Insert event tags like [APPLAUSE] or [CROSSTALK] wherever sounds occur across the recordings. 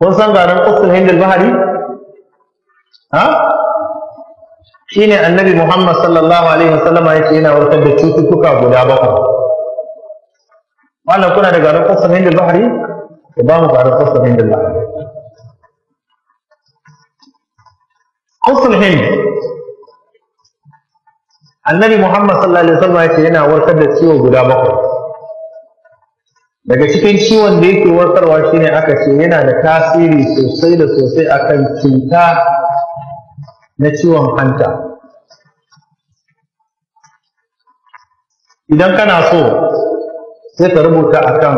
kun san garin usul hindul bahari ha ne annabi muhammad sallallahu alaihi wasallama yake yana warkar da cututtuka guda bakwai wannan kuna da garin usul hindul bahari ku ba mu garin usul hindul bahari usul hind annabi muhammad sallallahu alaihi wasallama yake yana warkar da ciwo guda bakwai daga cikin ciwon da yake warkarwa shi ne aka ce yana da tasiri sosai da sosai akan cuta na ciwon hanta idan kana so sai ka rubuta akan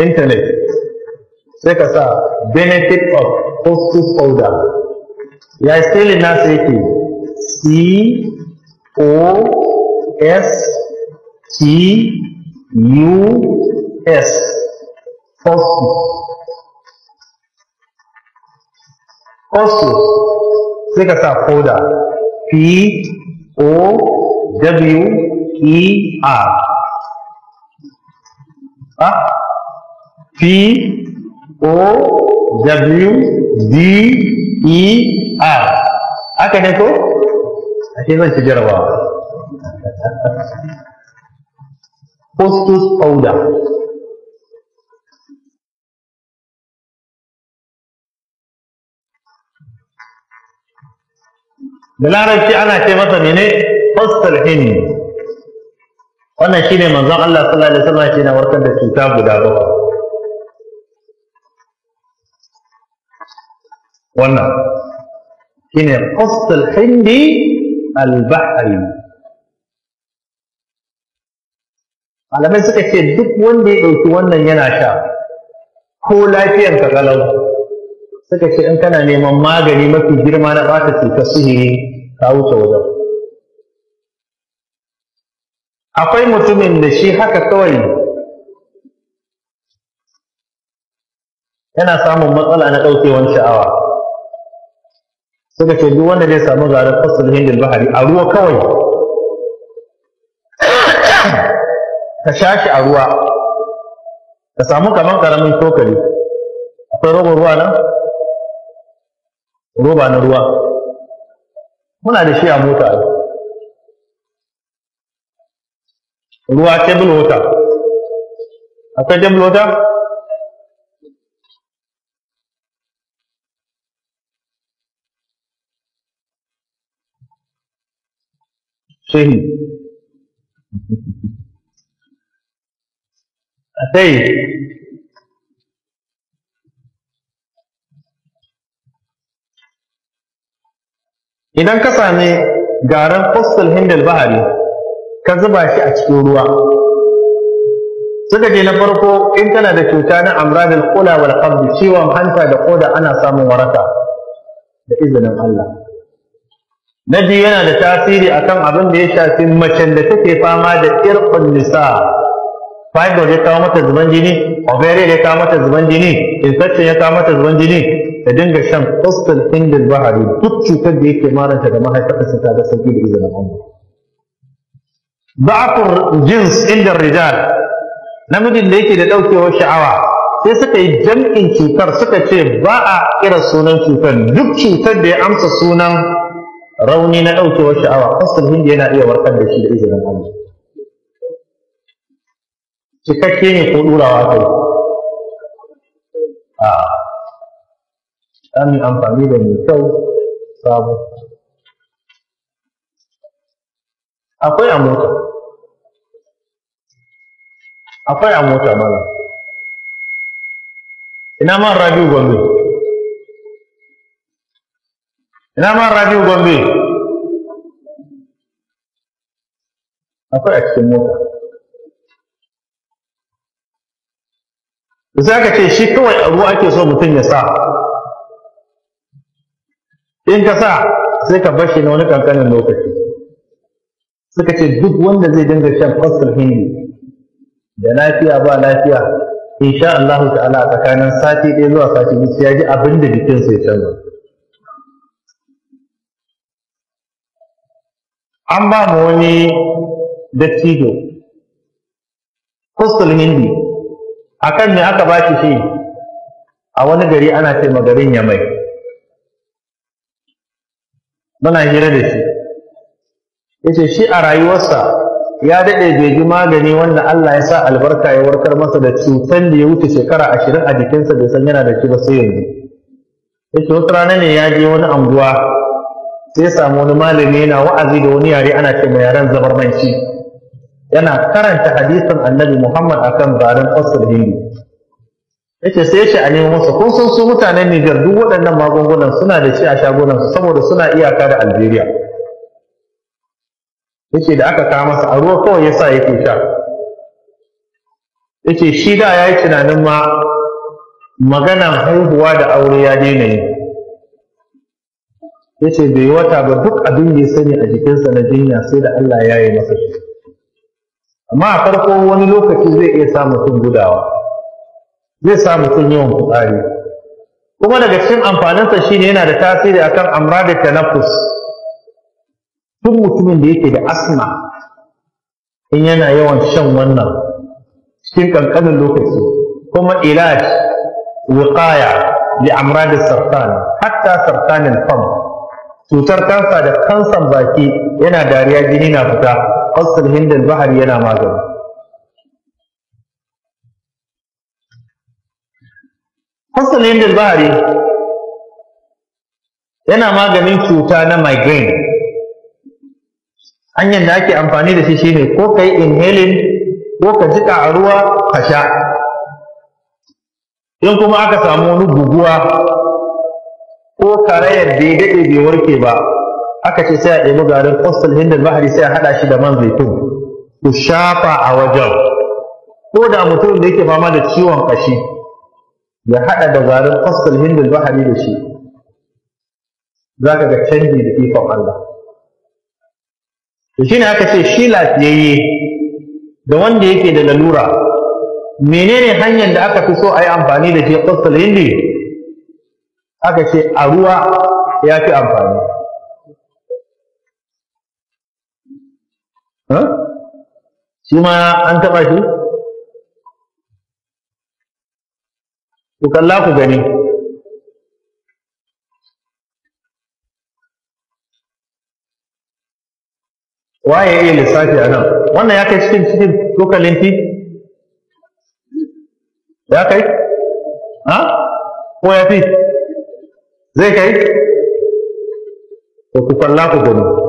intanet sai ka sa benefit of postal powder ya na nasa yake c o s t u S also sai ka sa folder P O W E R ha P O W D E R haka ne ko ake zan ci jarabawa postus folder da larabci ana ce masa mene fastalhin wannan shine manzon Allah sallallahu alaihi wasallam na warkar da cuta guda ba wannan shine fastalhin al-bahri malamai suka ce duk wanda ya ɗauki wannan yana sha ko lafiyar ka kalau suka ce in kana neman magani mafi girma na ɓata cutar sihiri Ta wuce wajen akwai mutumin da shi haka kawai yana samun matsala na ɗaukewan sha'awa suka ce duk wanda zai samu zarar fasul hindin bahari a ruwa kawai ka sha shi a ruwa ka samu kamar ƙaramin cokali akwai roba ruwa nan roba na ruwa muna da shi a mota ruwa table water akwai table water shehi sai idan ka sami garan fossil hindal bahari ka zuba shi a cikin ruwa suka ce na farko in tana da cuta na amradin kula wal qabd ciwon hanta da koda ana samun waraka da izinin Allah na biyu yana da tasiri akan abin da ya shafi macen da take fama da irkun nisa fibroid ya kawo mata zuban jini ovarian ya kawo mata zuban jini infection ya kawo mata zuban jini ta dinga shan hostel indil bahari duk cutar da yake maranta da sun ta ga sauki da izinin Allah Ba'afur jins inda rijal namijin da yake da daukewar sha'awa sai suka yi jam'in cutar suka ce ba'a kira sunan cutar duk cutar da ya amsa sunan rauni na daukewar sha'awa hostel hindi yana iya warkar da shi da izinin Allah cikakke ne ko ɗurawa kai a ɗan amfani da mai kyau sabo akwai a mota akwai a mota mana ina man radio gombe ina man rabiu gombe akwai a cikin mota za ka ce shi kawai a abu ake so mutum ya sa in ka sa sai ka shi na wani kankanin lokaci suka ce duk wanda zai dinga shan fasal hindi da lafiya ba lafiya insha Allah ta'ala a tsakanin sati ɗaya zuwa sati biyu sai ya ji abin da jikinsa ya canza an ba mu wani dattijo fasal hindi akan me aka bashi shi a wani gari ana ce garin ya mai muna hira da shi yace shi a rayuwarsa ya daɗe bai ji magani wanda Allah ya sa albarka ya warkar masa da cutan da ya wuce shekara ashirin a jikinsa bai san yana da shi ba sai yanzu yace wata rana ne ya je wani anguwa sai ya samu wani malami yana wa'azi da wani yare ana ce ma yaren zabarmanci yana karanta hadisin annabi Muhammad akan barin ƙasar Hindu yace sai shi a nemo masa kun san su mutanen Niger duk waɗannan magungunan suna da shi a shagunansu saboda suna iyaka da Algeria yace da aka kawo masa a ruwa kawai yasa yake sha yace shi da yayi tunanin ma maganan haihuwa da aure ya daina yi yace bai wata ba duk abin da ya sani a jikinsa na jinya sai da Allah ya yi masa shi amma a farko wani lokaci zai iya sa mutum gudawa zai sa mutum yawan fitsari kuma daga cikin amfaninsa shine yana da tasiri akan amra da tanafus Tun mutumin da yake da asma in yana yawan shan wannan cikin ƙanƙanin lokaci kuma ilaj wiqaya li amrad sartan hatta sartan al-fam cutar kansa da kansan baki yana dariya jini na fita ƙasar hindal bahari yana magani ƙasar hindal bahari yana maganin cuta na migraine hanyar da ake amfani da shi shine ko ka yi inhaling ko ka jiƙa a ruwa ka sha in kuma aka samu wani guguwa ko karayar da ya daɗe bai warke ba aka ce sai a ɗebi garin ƙostal hindu bahari sai a haɗa shi da man zaitun ku shafa a wajen ko da mutum da yake fama da ciwon ƙashi ya haɗa da garin ƙostal hindu bahari da shi za ka ga canji da ikon Allah to shine aka ce shi lafiyayye da wanda yake da lalura menene hanyar da aka fi so a yi amfani da shi ƙostal hindi aka ce a ruwa ya fi amfani shi ma an taɓa shi ku kalla ku gani waye ya yi lissafi a nan wannan ya kai cikin cikin cokalin ti ya kai ha ko ya fi zai kai ku kalla ku gani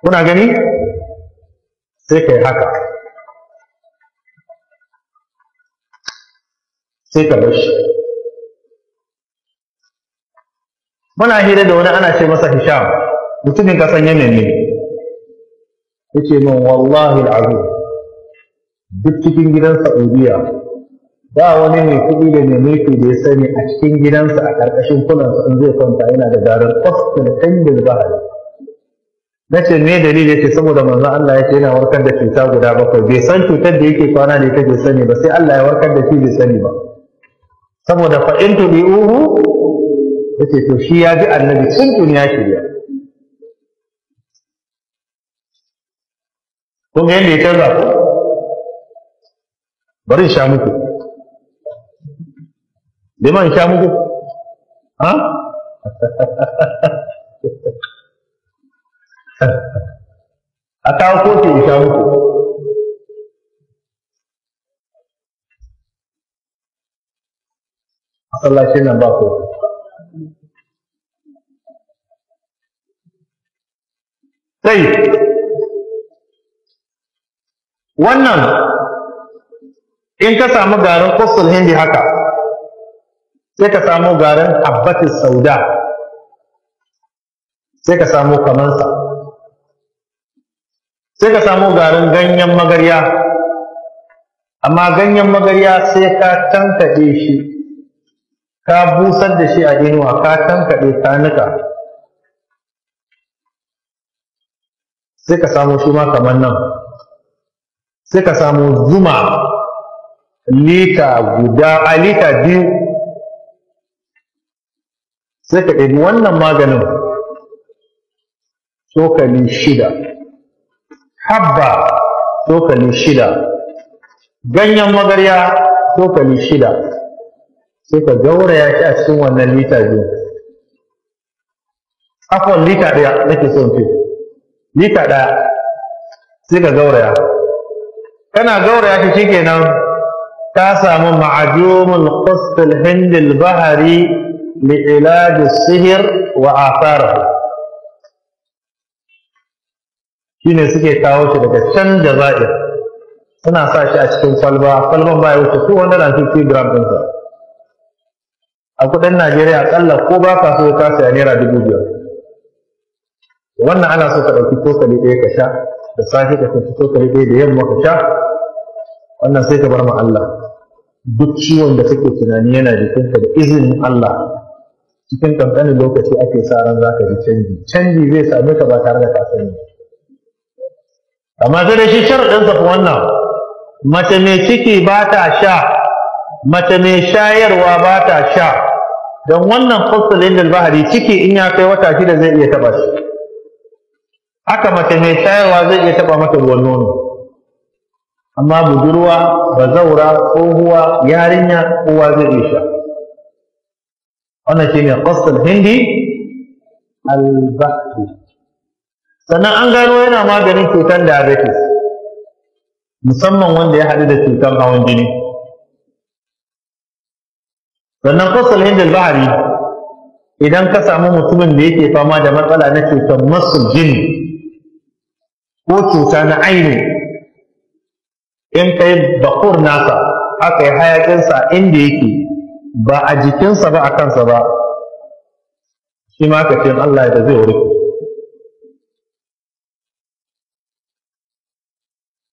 kuna gani sai ka yi haka sai ka bar shi muna hira da wani ana ce masa hisham mutumin kasan yamen ne yace min wallahi al’azu, duk cikin gidan saudiya ba wani mai kuɗi da mai mulki da ya sani a cikin gidansa a ƙarƙashin kulansa in zai kwanta yana da garar kwastin tangar da ba Nace me dalili ce saboda manzo Allah ya ce yana warkar da cuta guda bakwai bai san cutar da yake kwana da ita bai sani ba sai Allah ya warkar da shi bai sani ba saboda fa in uhu, yace to shi ya ji annabi tun duniya shirya kun ga yadda ya canza bari sha muku liman sha muku ha [LAUGHS] a kawo kotun ya kawo muku masallacin nan ba kotu sai wannan in ka samu garin kusur hindi haka sai ka samu garin abbatis sauda sai ka samu kamansa sai ka samu garin ganyen magarya amma ganyen magarya sai ka tankaɗe shi ka busar da shi a inuwa ka tankaɗe ka nika sai ka samu shi ma kamar nan sai ka samu zuma lita guda a lita biyu sai ka ɗabi wannan maganin tsokali shida habba cokali shida ganyen magarya cokali shida sai ka gauraya shi a cikin wannan lita biyu akwai lita ɗaya nake son fi. lita ɗaya sai ka gauraya kana gauraya shi shikenan ka samu ma'ajumul qasfil hindil bahari li ilaj sihir wa atharahu shi ne suke kawo shi daga can Jazair suna sa shi a cikin kwalba kwalban ba ya wuce ko wanda na 50 gram ɗinsa a kudin Najeriya akalla ko ba ka so ka saya naira dubu biyar wannan ana so ka ɗauki cokali ɗaya ka sha da safe ka ɗauki cokali ɗaya da yamma ka sha wannan sai ka bar ma Allah duk ciwon da kake tunani yana jikinka da izinin Allah cikin kankanin lokaci ake sa ran za ka ji canji canji zai same ka ba tare da ka sani amma sai da shi ɗin fi wannan mace mai ciki ba ta sha mace mai shayarwa ba ta sha don wannan fasalin da bahari ciki in ya kai wata shida zai iya taɓa shi haka mace mai shayarwa zai iya taɓa mata ruwan nono amma budurwa bazaura tsohuwa yarinya kowa zai iya sha wannan shi ne fasalin hindi al-bahri sannan an gano yana maganin cutar diabetes musamman wanda ya haɗu da cutar hawan jini sannan fasal hindu bahari idan ka samu mutumin da yake fama da matsala na cutar masu jini ko cuta na aini in ka yi bakur nasa aka yi hayakinsa inda yake ba a jikinsa ba a kansa ba shi ma ka ce Allah ya da zai wuri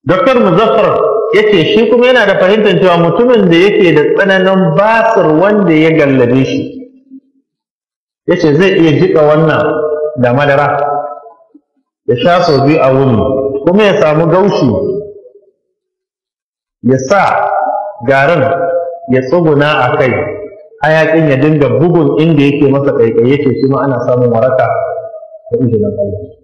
Dr. Muzaffar ya ce shi kuma yana da fahimtar cewa mutumin da yake da tsananin basir wanda ya gallabe shi ya ce zai iya jiƙa wannan da madara ya sha sau biyu a wuni kuma ya samu gaushi ya sa garin ya tsuguna a kai hayaƙin ya dinga bugun inda yake masa ƙaiƙayi ce shi ma ana samun waraka da izinin Allah